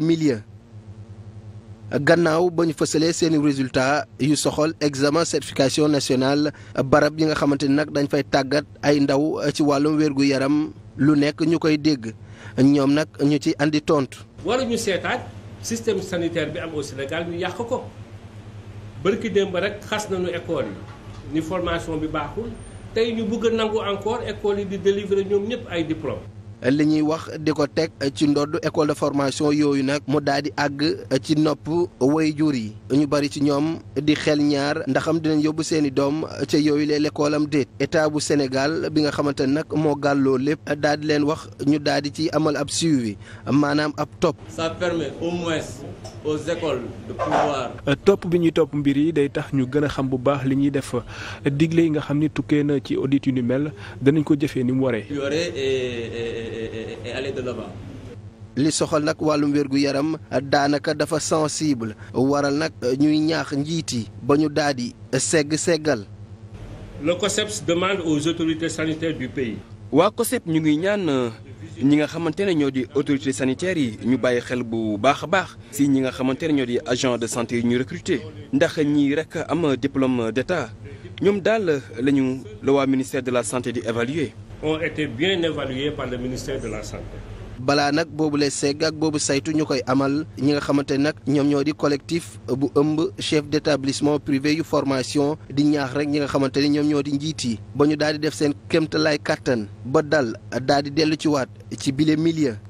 milieu gannaaw ba ñu fasalee seeni résultat yu soxal examen certification nationale barab yi nga xamante ni nag dañ fay tàggat ay ndaw ci wàllum wérgu yaram lu nekk ñu koy dégg ñoom nag ñu ci indi tontu. waruñu seetaat système sanitaire bi am au Sénégal ñu yàq ko bërki démb rek xas nañu école yi ni formation bi baaxul tey ñu bëgg a nangu encore école yi di délivrer ñoom ñëpp ay diplôme li ñuy wax di ko teg ci ndodd école de formation yooyu nag mu daal di àgg ci nopp way jur yi ñu bari ci ñoom di xel ñaar ndaxam dinañ yóbbu seeni doom ca yooyu lee lekkoolam am déet état bu Sénégal bi nga xamante ne nag moo gàlloo lépp daal di leen wax ñu daal di ci amal ab suivi maanaam ab topp. ça permet au moins aux écoles topp bi ñuy topp mbir yi day tax ñu gën a xam bu baax li ñuy def digle yi nga xam ni tukkee na ci audit yu ni mel danañ ko jëfee ni mu waree. et, et, de l'avant. li soxal nag wàllum wérgu yaram daanaka dafa sensible waral nag ñuy ñaax njiit yi ba ñu daal di segg seggal. le COSEPS demande aux autorités sanitaires du pays. waa COSEP ñu ngi ñaan euh, ñi nga xamante ne ñoo di autorités sanitaires yi ñu bàyyi xel bu baax a baax si ñi nga xamante ne ñoo di agent de santé yi ñu recruter ndax ñii rek am diplôme d'état ñoom daal lañu la waa ministère de la santé di évaluer. ont été bien évalués par le ministère de la santé. balaa nag boobu lay segg ak boobu saytu ñu koy amal ñi nga xamante ni nag ñoom ñoo di collectif bu ëmb chef d' établissement privé yu formation di ñaax rek ñi nga xamante ni ñoom ñoo di njiit yi ba ñu daal di def seen kéemtalaay kàttan ba dal daal di dellu ci waat ci bile milieu.